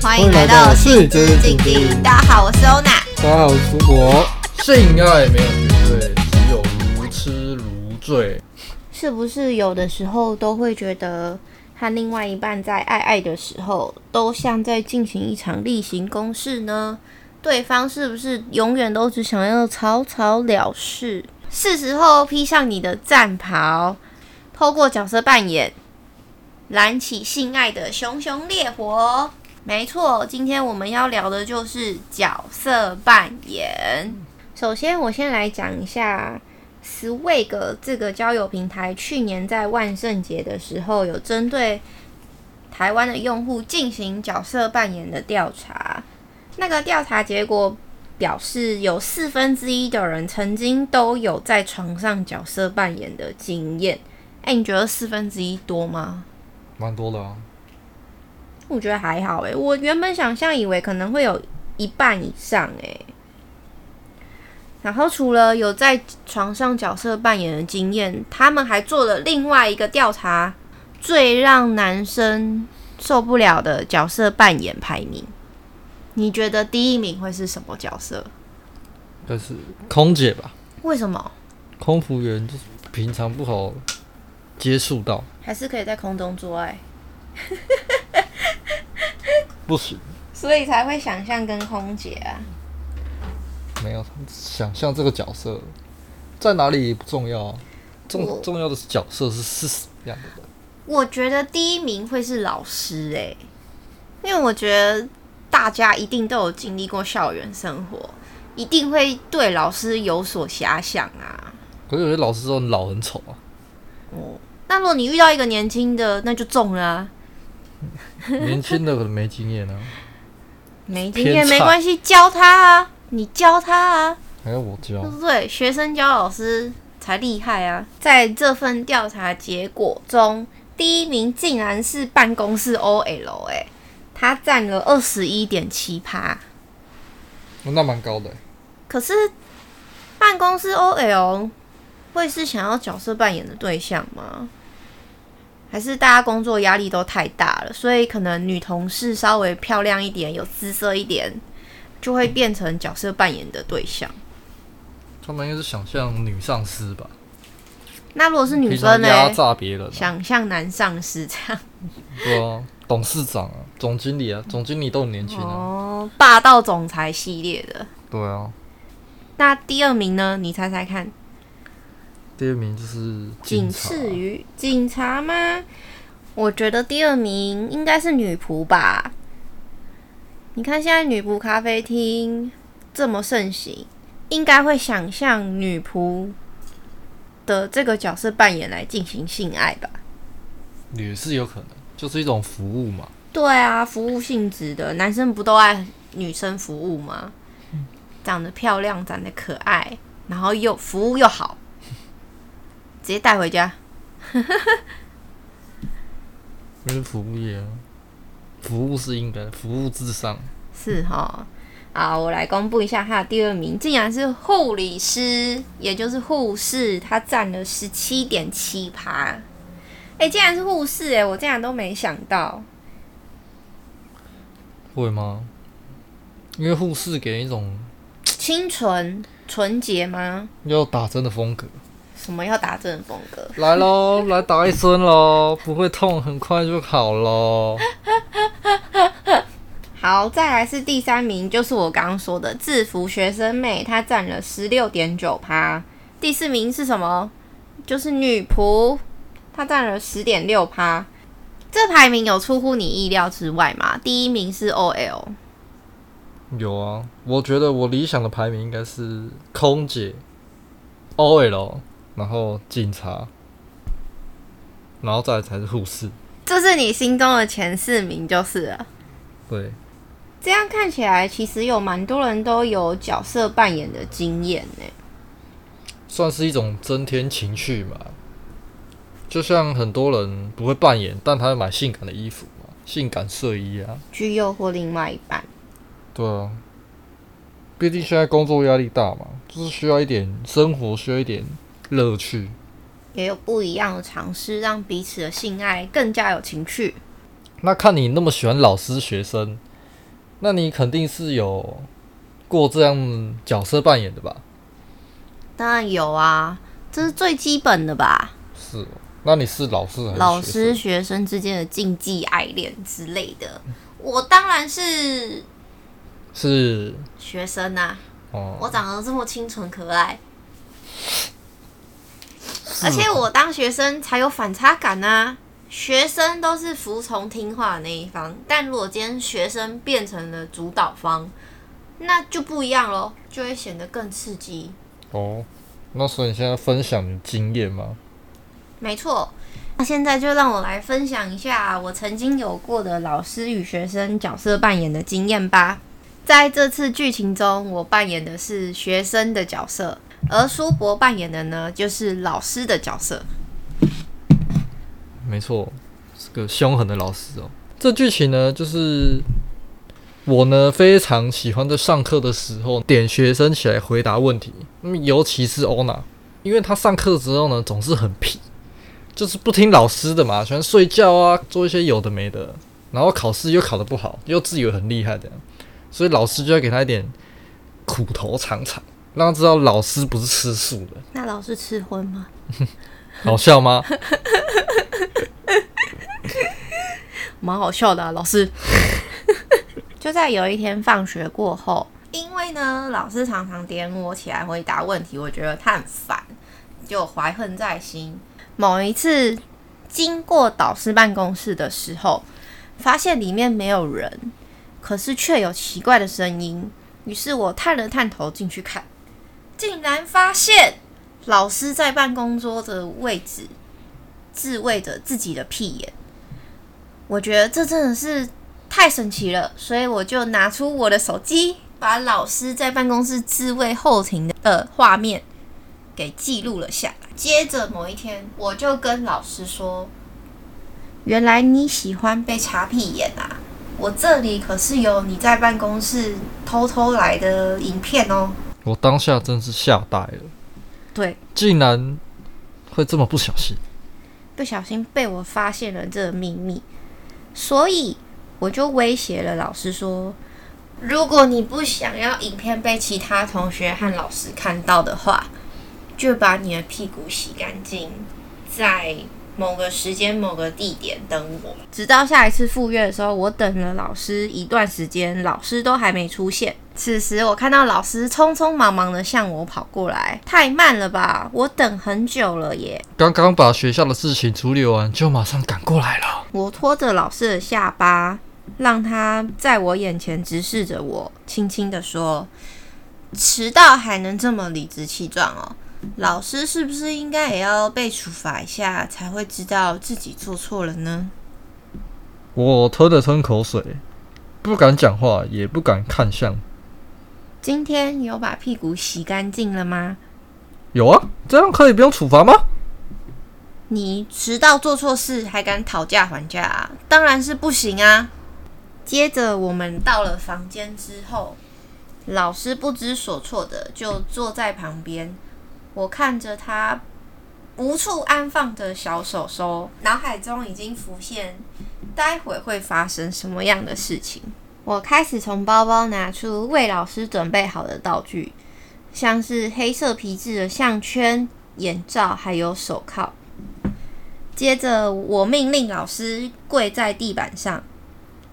歡迎來到《性之大家好，我是歐娜。大家好，我是我、哦。性愛沒有絕對，只有如癡如醉。是不是有的時候都會覺得，和另外一半在愛愛的時候，都像在進行一場例行公事呢？對方是不是永遠都只想要草草了事？是時候披上你的戰袍。透過角色扮演燃起性愛的熊熊烈火。沒錯，今天我們要聊的就是角色扮演。首先，我先來講一下 Swag 這個交友平台，去年在萬聖節的時候，有針對臺灣的用戶進行角色扮演的調查。那個調查結果表示，有四分之一的人曾經都有在床上角色扮演的經驗。欸，你覺得四分之一多嗎？蠻多的啊。我覺得還好欸，我原本想象以為可能會有一半以上欸。然後除了有在床上角色扮演的經驗，他們還做了另外一個調查，最讓男生受不了的角色扮演排名。你覺得第一名會是什麼角色？就是空姐吧。為什麼？空服員就是平常不好，接觸到，還是可以在空中做愛，不行。所以才會想象跟空姐啊。嗯。沒有想象，這個角色在哪裡不重要，啊，重我 重要的是角色是是什麼樣的。我覺得第一名會是老師哎、欸，因為我覺得大家一定都有經歷過校園生活，一定會對老師有所遐想啊。可是我覺得老師都很老很醜啊。哦。那如果你遇到一個年輕的，那就中了，啊。 年輕的可能沒經驗啊， 沒經驗差沒關係，教他啊，你教他啊。還要我教。對，學生教老師才厲害啊！在這份調查結果中，第一名竟然是辦公室 OL，哎，欸，他占了二十一點七趴。那蠻高的，欸。可是，辦公室 OL 會是想要角色扮演的對象嗎？還是大家工作壓力都太大了，所以可能女同事稍微漂亮一點、有姿色一點，就會變成角色扮演的對象。他們應該是想像女上司吧？那如果是女生呢？壓榨別人啊。想像男上司這樣。對啊，董事長啊，總經理啊，總經理都很年輕啊。哦，霸道總裁系列的。對啊。那第二名呢？你猜猜看。第二名就是僅次於警察嗎？我覺得第二名應該是女僕吧。你看現在女僕咖啡廳這麼盛行，應該會想象女僕的這個角色扮演來進行性愛吧？女士有可能，就是一種服務嘛。對啊，服務性質的男生不都愛女生服務嗎？嗯。長得漂亮，長得可愛，然後又服務又好。直接帶回家，哈 因為服務業，服務是應該，服務至上。是哈，好，我來公布一下他的第二名，竟然是護理師，也就是護士，他佔了十七點七趴。哎、欸，竟然是護士哎、欸，我竟然都沒想到。會嗎？因為護士給人一種清純、純潔嗎？要打針的風格。什麼要打針風格？來咯，來打一針咯。 不會痛，很快就好咯 好，再來是第三名，就是我剛剛說的制服學生妹，她占了十六點九趴。第四名是什麼？就是女僕，她占了十點六趴。這排名有出乎你意料之外嗎？第一名是 OL。有啊，我覺得我理想的排名應該是空姐、OL。然後警察，然後再來才是護士。這是你心中的前四名，就是了。對，這樣看起來其實有蠻多人都有角色扮演的經驗呢。算是一種增添情趣嘛，就像很多人不會扮演，但他會買性感的衣服嘛，性感睡衣啊，去誘惑另外一半。對啊，畢竟現在工作壓力大嘛，就是需要一點生活，需要一點。樂趣，也有不一樣的嘗試，讓彼此的性愛更加有情趣。那看你那麼喜歡老師學生，那你肯定是有過這樣角色扮演的吧？當然有啊，這是最基本的吧？是、哦。那你是老師還是學生？老師學生之間的禁忌愛戀之類的，我當然是是學生吶、啊。哦、嗯，我長得這麼清純可愛。而且我當學生才有反差感啊！學生都是服從聽話的那一方，但如果今天學生變成了主導方，那就不一樣嘍，就會顯得更刺激。哦，那所以你現在分享經驗嗎？沒錯，那現在就讓我來分享一下我曾經有過的老師與學生角色扮演的經驗吧。在這次劇情中，我扮演的是學生的角色。而蘇博扮演的呢，就是老師的角色。沒錯，是個兇狠的老師哦。這劇情呢，就是我呢非常喜歡在上課的時候點學生起來回答問題。那、嗯、麼尤其是歐娜，因為她上課之後呢，總是很皮，就是不聽老師的嘛，喜歡睡覺啊，做一些有的沒的，然後考試又考得不好，又自以為很厲害的，所以老師就要給他一點苦頭嚐嚐。讓他知道老師不是吃素的。那老師吃葷嗎？ 好笑嗎？蠻 好笑的啊，老師。 就在有一天放學過後，因為呢，老師常常點我起來回答問題，我覺得他很煩，就懷恨在心。某一次經過導師辦公室的時候，發現裡面沒有人，可是卻有奇怪的聲音，於是我探了探頭進去看。竟然發現老師在辦公桌的位置自慰着自己的屁眼，我覺得這真的是太神奇了，所以我就拿出我的手機，把老師在辦公室自慰後庭的畫面給記錄了下來。接着某一天，我就跟老師說：“原來你喜歡被插屁眼啊？我這裡可是有你在辦公室偷偷來的影片哦。”我當下真的是嚇呆了，對，竟然會這麼不小心，不小心被我發現了這個秘密，所以我就威脅了老師說，如果你不想要影片被其他同學和老師看到的話，就把你的屁股洗乾淨再，某個時間、某個地點等我，直到下一次赴約的時候，我等了老師一段時間，老師都還沒出現。此時，我看到老師匆匆忙忙的向我跑過來，太慢了吧？我等很久了耶！剛剛把學校的事情處理完，就馬上趕過來了。我托著老師的下巴，讓他在我眼前直視着我，輕輕地說：“遲到還能這麼理直氣壯哦。”老師是不是應該也要被處罰一下，才會知道自己做錯了呢？我吞了吞口水，不敢講話，也不敢看相。今天有把屁股洗乾淨了嗎？有啊，這樣可以不用處罰嗎？你遲到做錯事還敢討價還價啊？當然是不行啊！接着我們到了房間之後，老師不知所措的就坐在旁邊。我看着他無處安放的小手手，腦海中已經浮現待會會發生什麼樣的事情。我開始從包包拿出為老師準備好的道具，像是黑色皮質的項圈、眼罩還有手銬。接着，我命令老師跪在地板上，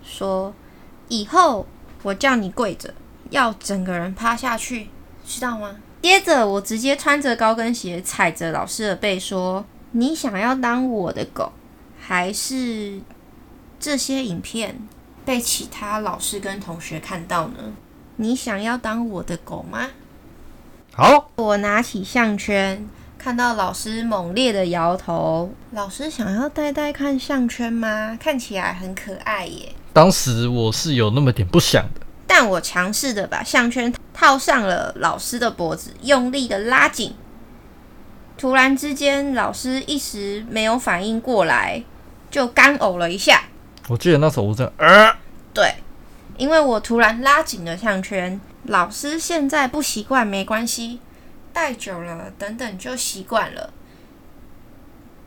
說：“以後我叫你跪着，要整個人趴下去，知道嗎？”接着，我直接穿着高跟鞋踩着老師的背說：“你想要當我的狗，還是這些影片被其他老師跟同學看到呢？你想要當我的狗嗎？”好，我拿起項圈，看到老師猛烈的搖頭。老師想要戴戴看項圈嗎？看起來很可愛耶。當時我是有那麼點不想的。但我強勢的把項圈套上了老師的脖子，用力的拉緊。突然之間，老師一時沒有反應過來，就乾嘔了一下。我記得那時候我正……呃對，因為我突然拉緊了項圈，老師現在不習慣沒關係，戴久了等等就習慣了。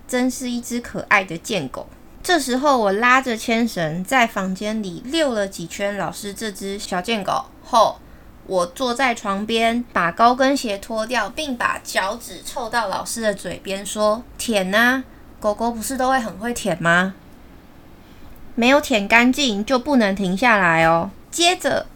真是一隻可愛的賤狗。這時候，我拉着牽繩在房間裡遛了幾圈老師這隻小賤狗後，我坐在床邊，把高跟鞋脫掉，並把腳趾湊到老師的嘴邊說：“舔啊，狗狗不是都會很會舔嗎？沒有舔乾淨就不能停下來哦。”接着，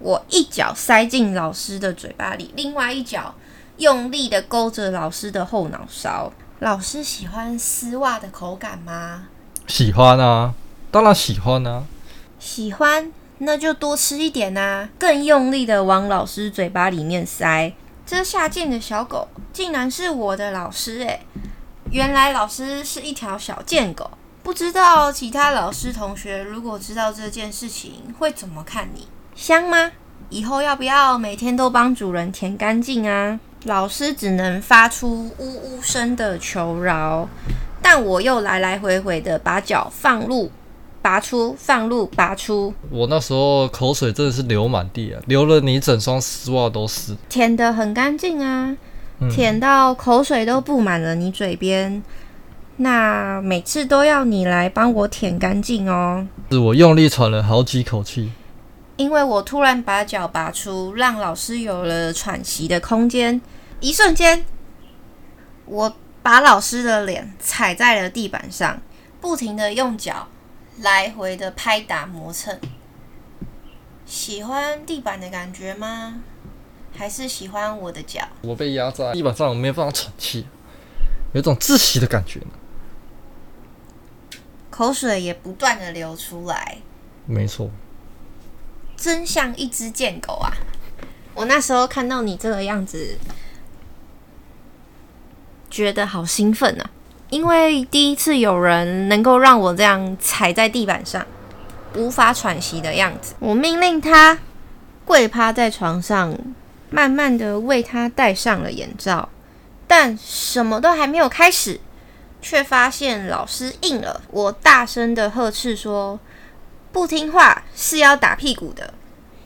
我一腳塞進老師的嘴巴裡，另外一腳用力地勾着老師的後腦勺。老師喜歡絲襪的口感嗎？喜歡啊，當然喜歡啊！喜歡，那就多吃一點啊，更用力的往老師嘴巴裡面塞。這下賤的小狗，竟然是我的老師誒、欸，原來老師是一條小賤狗，不知道其他老師同學如果知道這件事情，會怎麼看你？香嗎？以後要不要每天都幫主人舔乾淨啊？老師只能發出嗚嗚聲的求饒。但我又來來回回的把腳放入、拔出、放入、拔出。我那時候口水真的是流滿地啊，流了你整雙絲襪都是。舔得很乾淨啊，嗯、舔到口水都布滿了你嘴邊。那每次都要你來幫我舔乾淨哦。是我用力喘了好幾口氣，因為我突然把腳拔出，讓老師有了喘息的空間。一瞬間，我。把老師的臉踩在了地板上，不停的用腳來回的拍打磨蹭。喜歡地板的感覺嗎？還是喜歡我的腳？我被壓在地板上，我沒有辦法喘氣，有種窒息的感覺。口水也不斷的流出來。沒錯，真像一只賤狗啊！我那時候看到你這個樣子。覺得好興奮啊！因為第一次有人能夠讓我這樣踩在地板上，無法喘息的樣子。我命令他跪趴在床上，慢慢的為他戴上了眼罩。但什麼都還沒有開始，卻發現老師硬了。我大聲的呵斥說：“不聽話是要打屁股的，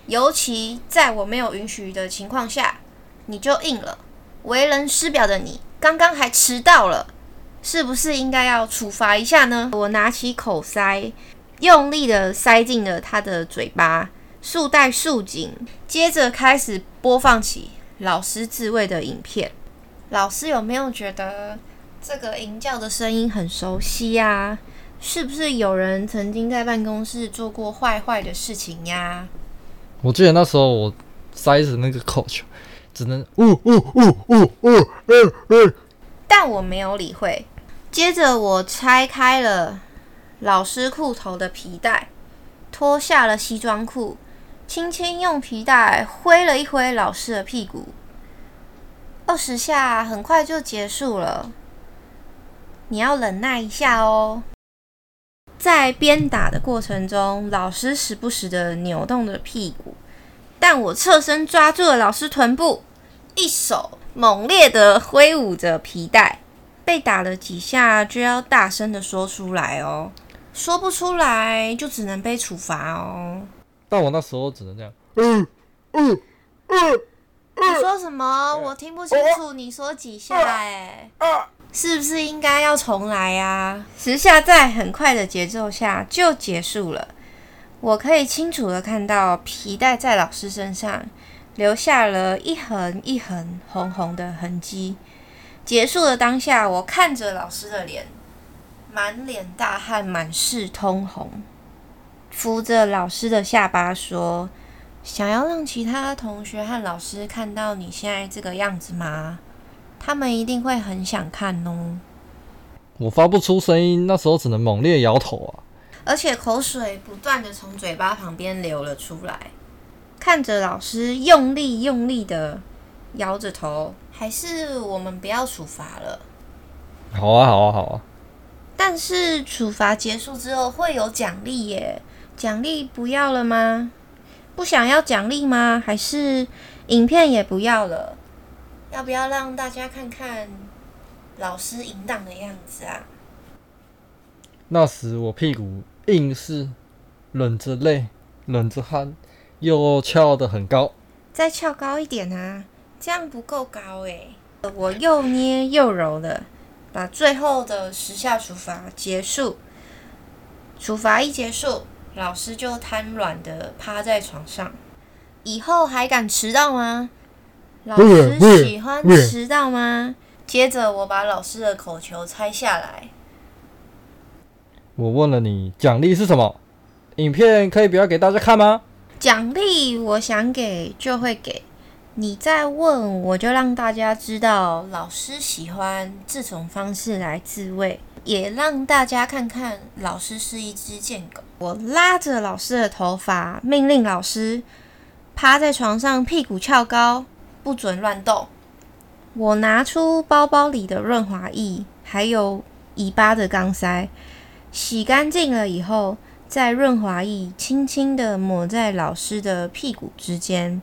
尤其在我沒有允許的情況下，你就硬了。為人師表的你。”剛剛還遲到了，是不是應該要處罰一下呢？我拿起口塞，用力的塞進了他的嘴巴，束帶束緊，接着開始播放起老師自慰的影片。老師有沒有覺得這個淫叫的聲音很熟悉呀、啊？是不是有人曾經在辦公室做過壞壞的事情呀、啊？我記得那時候我塞着那個口只能嗚嗚嗚嗚嗚，嗚嗚嗚嗚，但我沒有理會。接着，我拆開了老師褲頭的皮帶，脫下了西裝褲，輕輕用皮帶揮了一揮老師的屁股，二十下很快就結束了。你要忍耐一下哦。在鞭打的過程中，老師時不時的扭動着屁股。但我側身抓住了老師臀部，一手猛烈的揮舞着皮帶，被打了幾下就要大聲的說出來哦，說不出來就只能被處罰哦。但我那時候只能這樣，嗯嗯嗯，你說什麼？嗯、我聽不清楚。你說幾下、欸？哎、啊，啊、是不是應該要重來呀、啊？十下在很快的節奏下就結束了。我可以清楚的看到皮帶在老師身上留下了一橫一橫紅紅的痕跡。結束的當下，我看着老師的臉，滿臉大汗，滿是通紅。扶着老師的下巴說：“想要讓其他同學和老師看到你現在這個樣子嗎？他們一定會很想看哦。”我發不出聲音，那時候只能猛烈搖頭啊。而且口水不斷的從嘴巴旁邊流了出來，看着老師用力用力的搖着頭，還是我們不要處罰了？好啊，好啊，好啊！但是處罰結束之後會有獎勵耶，獎勵不要了嗎？不想要獎勵嗎？還是影片也不要了？要不要讓大家看看老師淫蕩的樣子啊？那時我屁股。硬是忍着淚，忍着汗，又翹得很高。再翹高一點啊，這樣不夠高誒、欸！我又捏又揉的，把最後的十下處罰結束。處罰一結束，老師就癱軟的趴在床上。以後還敢遲到嗎？老師喜歡遲到嗎？烈烈烈。接着我把老師的口球拆下來。我問了你，獎勵是什麼？影片可以不要給大家看嗎？獎勵我想給就會給，你再問我就讓大家知道老師喜歡這種方式來自慰，也讓大家看看老師是一隻賤狗。我拉着老師的頭髮，命令老師趴在床上，屁股翹高，不准亂動。我拿出包包裡的潤滑液，還有尾巴的肛塞。洗乾淨了以後，再潤滑液輕輕的抹在老師的屁股之間，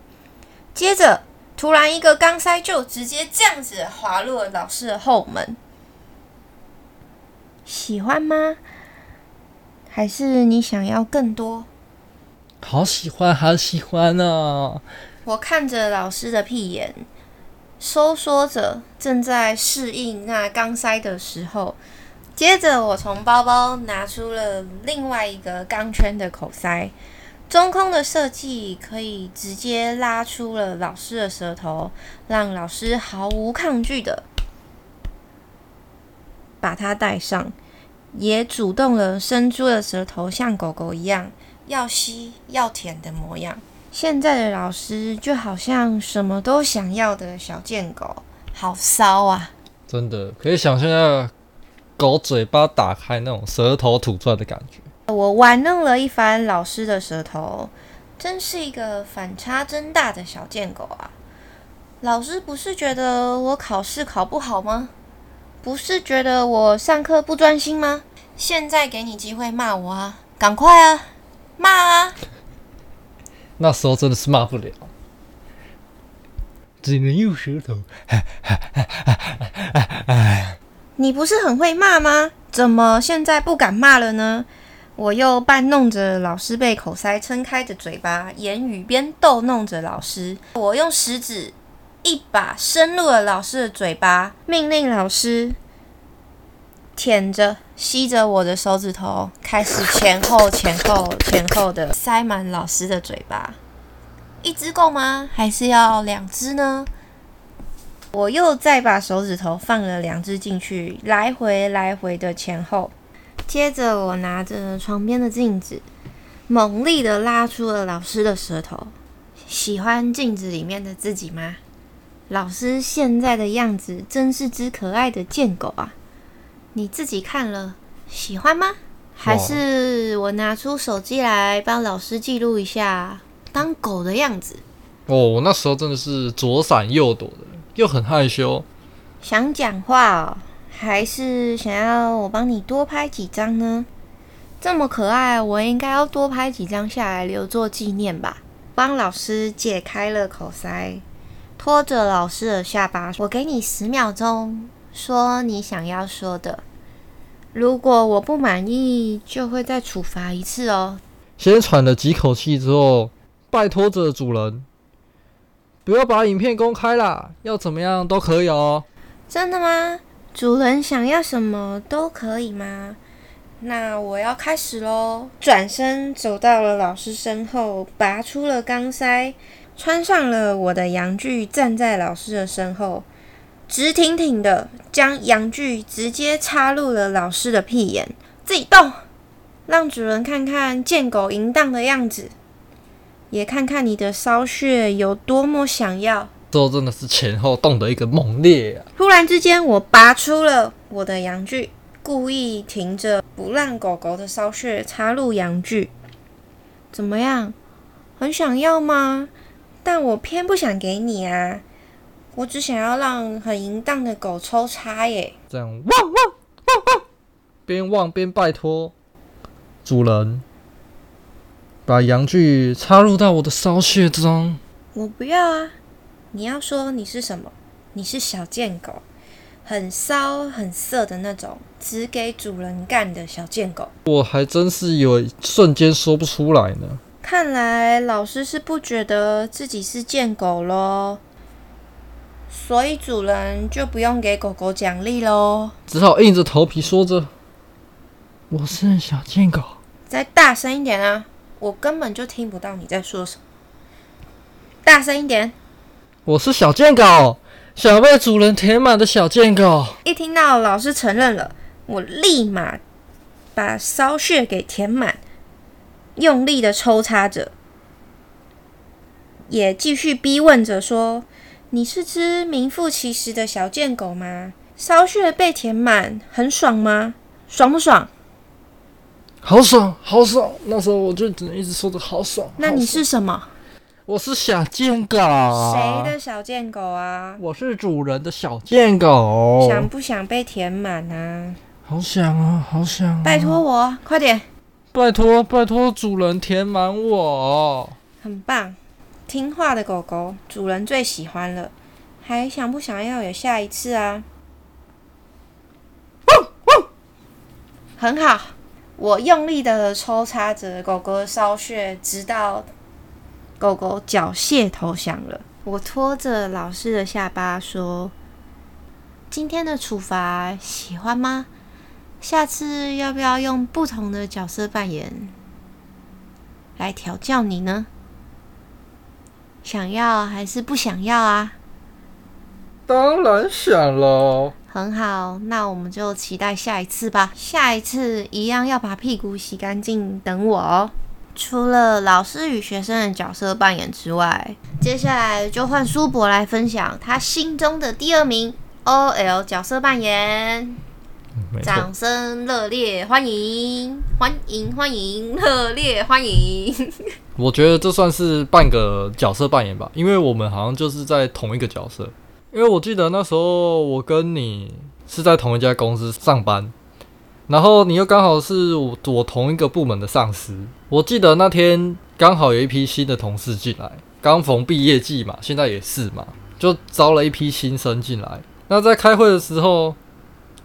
接着突然一個鋼塞就直接這樣子滑落老師的後門，喜歡嗎？還是你想要更多？好喜歡，好喜歡啊、哦！我看着老師的屁眼收縮着，正在適應那鋼塞的時候。接着，我從包包拿出了另外一個鋼圈的口塞，中空的設計可以直接拉出了老師的舌頭，讓老師毫無抗拒的把它戴上，也主動了伸出了舌頭，像狗狗一樣要吸要舔的模樣。現在的老師就好像什麼都想要的小賤狗，好騷啊！真的可以想象啊。狗嘴巴打開，那種舌頭吐出來的感覺，我玩弄了一番老師的舌頭，真是一個反差真大的小賤狗啊！老師不是覺得我考試考不好嗎？不是覺得我上課不專心嗎？現在給你機會罵我啊，趕快啊，罵啊！ 那時候真的是罵不了，只能用舌頭。 你不是很會罵嗎？怎麼現在不敢罵了呢？我又扮弄着老師被口塞撐開的嘴巴，言語邊逗弄着老師。我用食指一把伸入了老師的嘴巴，命令老師舔着、吸着我的手指頭，開始前後、前後、前後的塞滿老師的嘴巴。一隻夠嗎？還是要兩隻呢？我又再把手指頭放了兩隻進去，來回來回的前後。接着我拿着床邊的鏡子，猛力的拉出了老師的舌頭。喜歡鏡子裡面的自己嗎？老師現在的樣子真是隻可愛的賤狗啊！你自己看了喜歡嗎？哇還是我拿出手機來幫老師記錄一下當狗的樣子？哦，我那時候真的是左閃右躲的。又很害羞，想講話哦，還是想要我幫你多拍幾張呢？這麼可愛，我應該要多拍幾張下來留作紀念吧。幫老師解開了口塞，拖着老師的下巴，我給你十秒鐘說你想要說的。如果我不滿意，就會再處罰一次哦。先喘了幾口氣之後，拜託着主人。不要把影片公開啦！要怎麼樣都可以哦。真的嗎？主人想要什麼都可以嗎？那我要開始嘍。轉身走到了老師身後，拔出了肛塞，穿上了我的陽具，站在老師的身後，直挺挺的將陽具直接插入了老師的屁眼，自己動，讓主人看看賤狗淫蕩的樣子。也看看你的騷穴有多麼想要，這真的是前後動的一個猛烈啊！突然之間，我拔出了我的陽具，故意停着，不讓狗狗的騷穴插入陽具。怎麼樣，很想要嗎？但我偏不想給你啊，我只想要讓很淫蕩的狗抽插耶、欸！這樣汪汪汪汪，邊汪邊拜托主人。把陽具插入到我的騷穴中。我不要啊！你要說你是什麼？你是小賤狗，很騷很色的那種，只給主人幹的小賤狗。我還真是有瞬間說不出來呢。看來老師是不覺得自己是賤狗咯，所以主人就不用給狗狗獎勵咯，只好硬着頭皮說着：“我是小賤狗。”再大聲一點啊！我根本就聽不到你在說什麼，大聲一點！我是小賤狗，想被主人填滿的小賤狗。一聽到老師承認了，我立馬把騷穴給填滿，用力的抽插着，也繼續逼問着說：“你是只名副其實的小賤狗嗎？騷穴被填滿很爽嗎？爽不爽？”好爽，好爽！那時候我就只能一直說的好爽，好爽。那你是什麼？我是小賤狗啊。誰的小賤狗啊？我是主人的小賤狗。想不想被填滿啊，啊？好想啊，好想！拜託我，快點！拜託，拜託主人填滿我。很棒，聽話的狗狗，主人最喜歡了。還想不想要有下一次啊？哦！哦！很好。我用力的抽插着狗狗的騷穴，直到狗狗繳械投降了。我拖着老師的下巴說：“今天的處罰喜歡嗎？下次要不要用不同的角色扮演來調教你呢？想要還是不想要啊？”當然想了。很好，那我們就期待下一次吧。下一次一樣要把屁股洗乾淨，等我哦。除了老師與學生的角色扮演之外，接下來就換舒伯來分享他心中的第二名 OL 角色扮演。嗯、掌聲熱烈歡迎，歡迎歡迎，熱烈歡迎。 我覺得這算是半個角色扮演吧，因為我們好像就是在同一個角色。因為我記得那時候我跟你是在同一家公司上班，然後你又剛好是我我同一個部門的上司。我記得那天剛好有一批新的同事進來，剛逢畢業季嘛，現在也是嘛，就招了一批新生進來。那在開會的時候，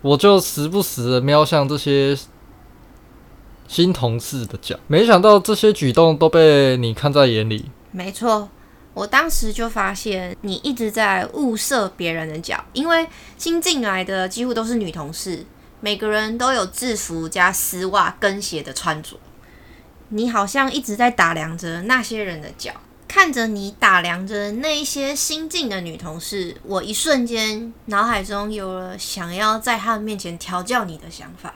我就時不時的瞄向這些新同事的腳，沒想到這些舉動都被你看在眼裡。沒錯。我當時就發現你一直在物色別人的腳，因為新進來的幾乎都是女同事，每個人都有制服加絲襪跟鞋的穿着。你好像一直在打量着那些人的腳，看着你打量着那些新進的女同事，我一瞬間腦海中有了想要在他們面前調教你的想法，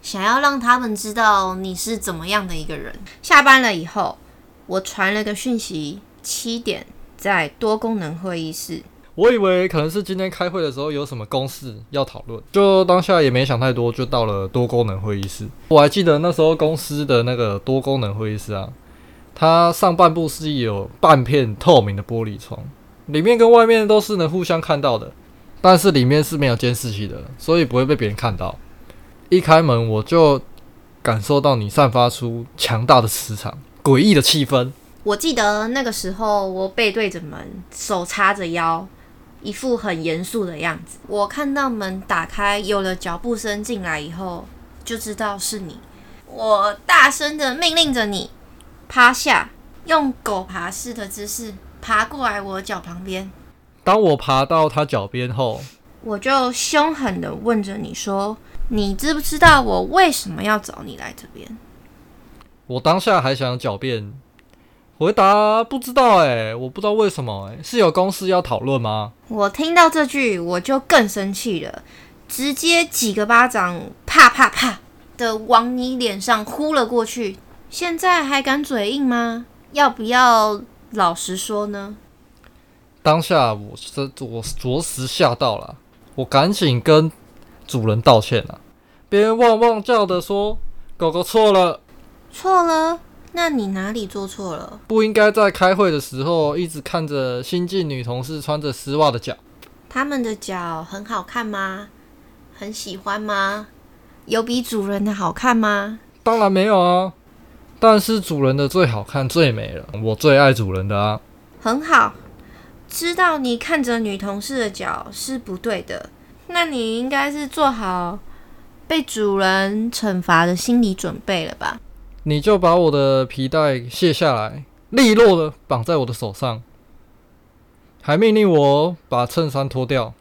想要讓他們知道你是怎麼樣的一個人。下班了以後，我傳了個訊息。七點在多功能會議室。我以為可能是今天開會的時候有什麼公事要討論，就當下也沒想太多，就到了多功能會議室。我還記得那時候公司的那個多功能會議室啊，它上半部是有半片透明的玻璃窗，裡面跟外面都是能互相看到的，但是裡面是沒有監視器的，所以不會被別人看到。一開門，我就感受到你散發出強大的磁場，詭異的氣氛。我記得那個時候，我背對着門，手叉着腰，一副很嚴肅的樣子。我看到門打開，有了腳步聲進來以後，就知道是你。我大聲的命令着你，趴下，用狗爬式的姿勢爬過來我腳旁邊。當我爬到他腳邊後，我就凶狠的問着你說：“你知不知道我為什麼要找你來這邊？”我當下還想狡辯。回答不知道，哎、欸，我不知道為什麼哎、欸，是有公司要討論嗎？我聽到這句，我就更生氣了，直接幾個巴掌啪啪啪的往你臉上呼了過去。現在還敢嘴硬嗎？要不要老實說呢？當下我着我着實嚇到了，我趕緊跟主人道歉了，別人汪汪叫的說狗狗錯了，錯了。那你哪裡做錯了？不應該在開會的時候一直看着新進女同事穿着絲襪的腳。他們的腳很好看嗎？很喜歡嗎？有比主人的好看嗎？當然沒有啊。但是主人的最好看，最美了，我最愛主人的啊。很好，知道你看着女同事的腳是不對的，那你應該是做好被主人懲罰的心理準備了吧？你就把我的皮帶卸下來，利落的綁在我的手上，還命令我把襯衫脫掉。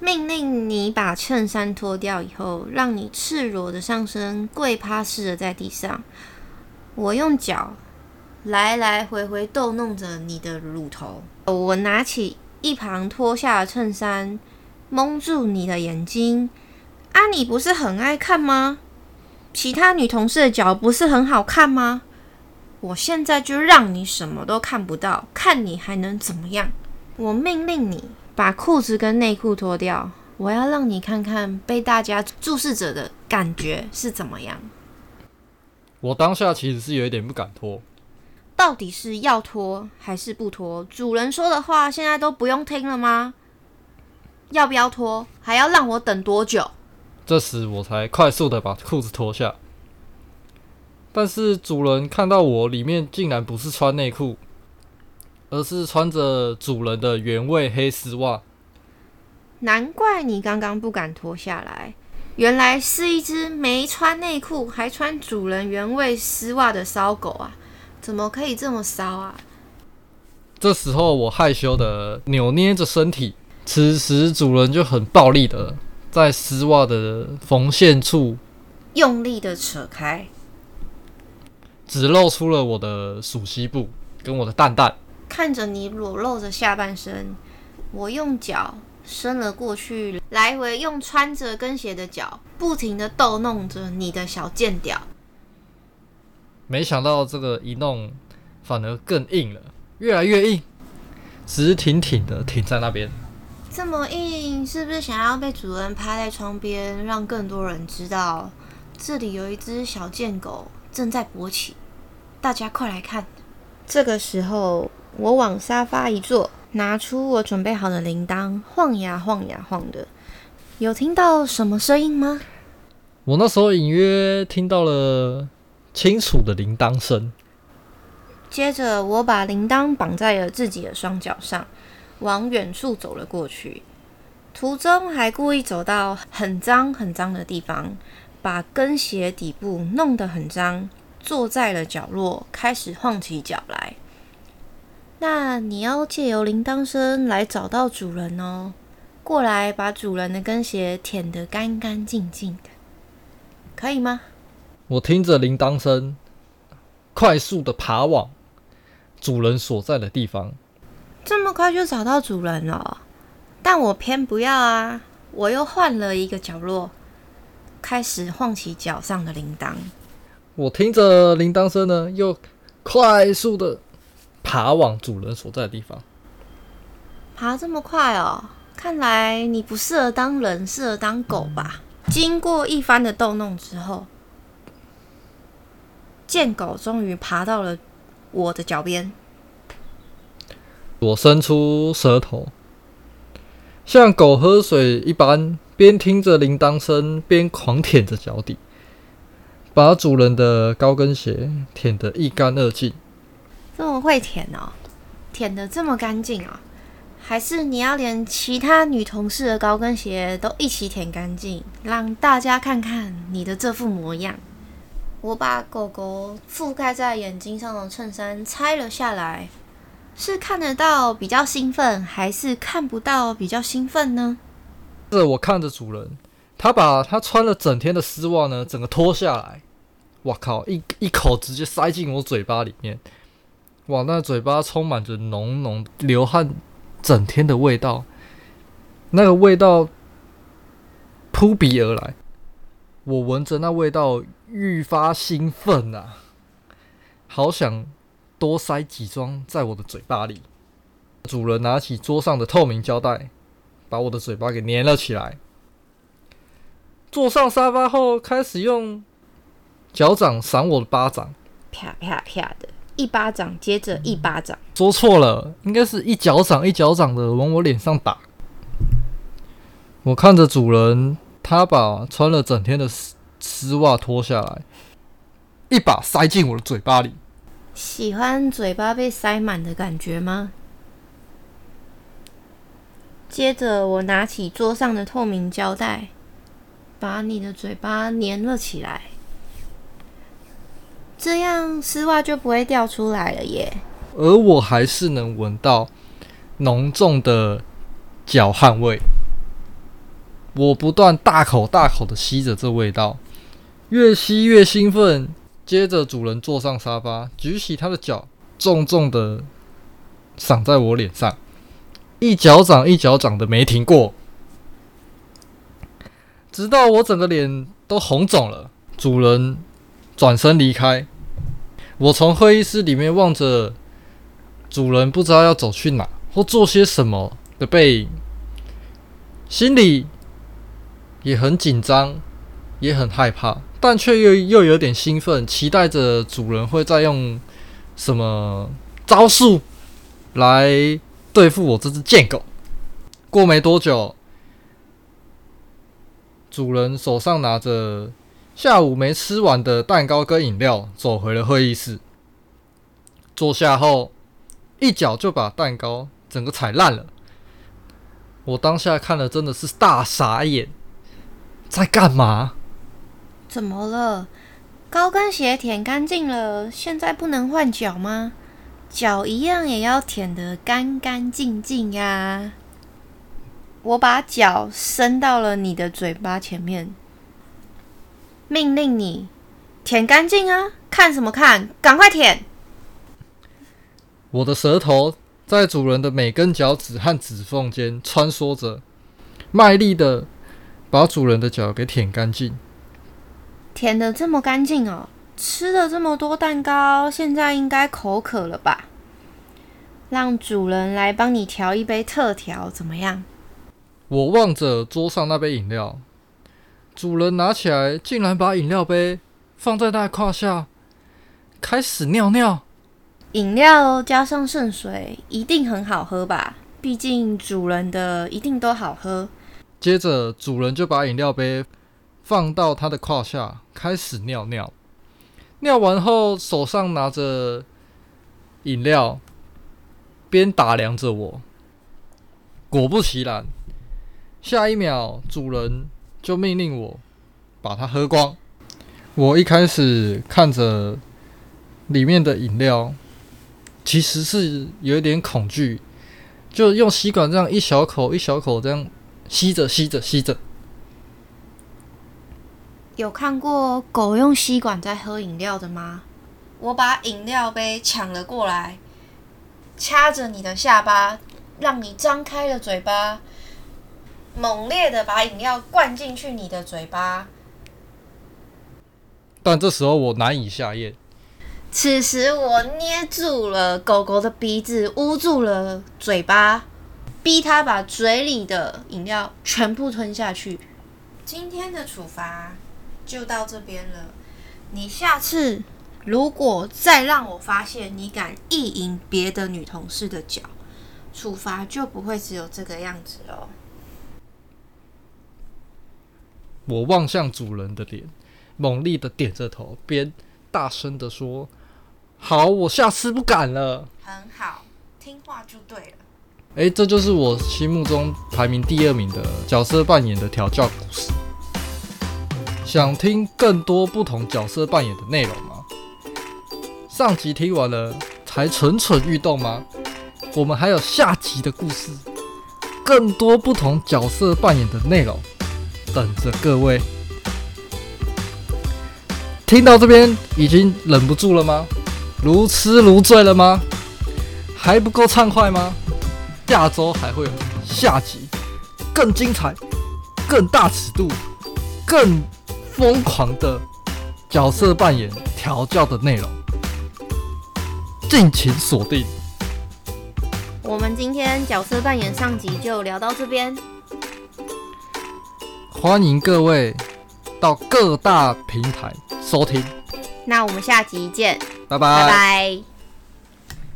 命令你把襯衫脫掉以後，讓你赤裸的上身跪趴似的在地上。我用腳來來回回逗弄着你的乳頭。我拿起一旁脫下的襯衫，蒙住你的眼睛。啊，你不是很愛看嗎？其他女同事的腳不是很好看嗎？我現在就讓你什麼都看不到，看你還能怎麼樣。我命令你把褲子跟內褲脫掉，我要讓你看看被大家注視着的感覺是怎麼樣。我當下其實是有一點不敢脫，到底是要脫還是不脫？主人說的話現在都不用聽了嗎？要不要脫？還要讓我等多久？這時我才快速的把褲子脫下，但是主人看到我裡面竟然不是穿內褲，而是穿着主人的原味黑絲襪。難怪你剛剛不敢脫下來，原來是一隻沒穿內褲還穿主人原味絲襪的騷狗啊！怎麼可以這麼騷啊？這時候我害羞的扭捏着身體，此時主人就很暴力的。在絲襪的縫線處用力的扯開，只露出了我的鼠蹊部跟我的蛋蛋。看着你裸露著下半身，我用腳伸了過去，來回用穿着跟鞋的腳不停的逗弄着你的小賤屌。沒想到這個一弄反而更硬了，越來越硬，直挺挺的挺在那邊。這麼硬，是不是想要被主人趴在窗邊，讓更多人知道這裡有一隻小賤狗正在勃起？大家快來看！這個時候，我往沙發一坐，拿出我準備好的鈴鐺，晃呀晃呀晃的。有聽到什麼聲音嗎？我那時候隱約聽到了清楚的鈴鐺聲。接着，我把鈴鐺綁在了自己的雙腳上。往遠處走了過去，途中還故意走到很髒很髒的地方，把跟鞋底部弄得很髒，坐在了角落，開始晃起腳來。那你要借由鈴鐺聲來找到主人哦，過來把主人的跟鞋舔得乾乾淨淨的，可以嗎？我聽着鈴鐺聲，快速的爬往主人所在的地方。這麼快就找到主人了，但我偏不要啊！我又換了一個角落，開始晃起腳上的鈴鐺。我聽着鈴鐺聲呢，又快速的爬往主人所在的地方。爬這麼快哦，看來你不適合當人，適合當狗吧？經過一番的逗弄之後，賤狗終於爬到了我的腳邊。我伸出舌頭，像狗喝水一般，邊聽着鈴鐺聲，邊狂舔着腳底，把主人的高跟鞋舔得一乾二淨。這麼會舔哦，舔得這麼乾淨啊、哦？還是你要連其他女同事的高跟鞋都一起舔乾淨，讓大家看看你的這副模樣？我把狗狗覆蓋在眼睛上的襯衫拆了下來。是看得到比較興奮，還是看不到比較興奮呢？是我看着主人，他把他穿了整天的絲襪呢，整個脫下來，哇靠！一一口直接塞進我嘴巴裡面，哇！那嘴巴充滿着濃濃流汗整天的味道，那個味道撲鼻而來，我聞着那味道愈發興奮吶、啊，好想。多塞幾雙在我的嘴巴裡。主人拿起桌上的透明膠帶，把我的嘴巴給粘了起來。坐上沙發後，開始用腳掌賞我的巴掌，啪啪啪的一巴掌，接着一巴掌。說錯了，應該是一腳掌一腳掌的往我臉上打。我看着主人，他把穿了整天的絲襪脫下來，一把塞進我的嘴巴裡。喜歡嘴巴被塞滿的感覺嗎？接着，我拿起桌上的透明膠帶，把你的嘴巴粘了起來，這樣絲襪就不會掉出來了耶。而我還是能聞到濃重的腳汗味，我不斷大口大口的吸着這味道，越吸越興奮。接着，主人坐上沙發，舉起他的腳，重重的賞在我臉上，一腳掌一腳掌的沒停過，直到我整個臉都紅腫了。主人轉身離開，我從會議室裡面望着主人不知道要走去哪或做些什麼的背影，心裡也很緊張，也很害怕。但卻又又有點興奮，期待着主人會再用什麼招數來對付我這隻賤狗。過沒多久，主人手上拿着下午沒吃完的蛋糕跟飲料，走回了會議室。坐下後，一腳就把蛋糕整個踩爛了。我當下看了，真的是大傻眼，在幹嘛？怎麼了？高跟鞋舔乾淨了，現在不能換腳嗎？腳一樣也要舔得乾乾淨淨呀！我把腳伸到了你的嘴巴前面，命令你舔乾淨啊！看什麼看？趕快舔！我的舌頭在主人的每根腳趾和指縫間穿梭着，賣力的把主人的腳給舔乾淨。舔的這麼乾淨哦！吃了這麼多蛋糕，現在應該口渴了吧？讓主人來幫你調一杯特調怎麼樣？我望着桌上那杯飲料，主人拿起來，竟然把飲料杯放在那胯下，開始尿尿。飲料加上聖水，一定很好喝吧？畢竟主人的一定都好喝。接着，主人就把飲料杯。放到他的胯下，開始尿尿。尿完後，手上拿着飲料，邊打量着我。果不其然，下一秒主人就命令我把它喝光。我一開始看着裡面的飲料，其實是有一點恐懼，就用吸管這樣一小口一小口這樣吸着吸着吸着。有看過狗用吸管在喝飲料的嗎？我把飲料杯搶了過來，掐着你的下巴，讓你張開了嘴巴，猛烈的把飲料灌進去你的嘴巴。但這時候我難以下咽。此時我捏住了狗狗的鼻子，捂住了嘴巴，逼它把嘴裡的飲料全部吞下去。今天的處罰，就到這邊了。你下次如果再讓我發現你敢意淫別的女同事的腳，處罰就不會只有這個樣子了、哦。我望向主人的臉，猛力的點着頭，邊大聲的說：“好，我下次不敢了。”很好，聽話就對了。哎、欸，這就是我心目中排名第二名的角色扮演的調教故事。想聽更多不同角色扮演的內容嗎？上集聽完了才蠢蠢欲動嗎？我們還有下集的故事，更多不同角色扮演的內容等着各位。聽到這邊已經忍不住了嗎？如痴如醉了嗎？還不夠暢快嗎？下周還會有下集，更精彩，更大尺度，更……瘋狂的角色扮演調教的內容，敬請鎖定。我們今天角色扮演上集就聊到這邊，歡迎各位到各大平台收聽。那我們下集見，拜拜拜拜。Bye bye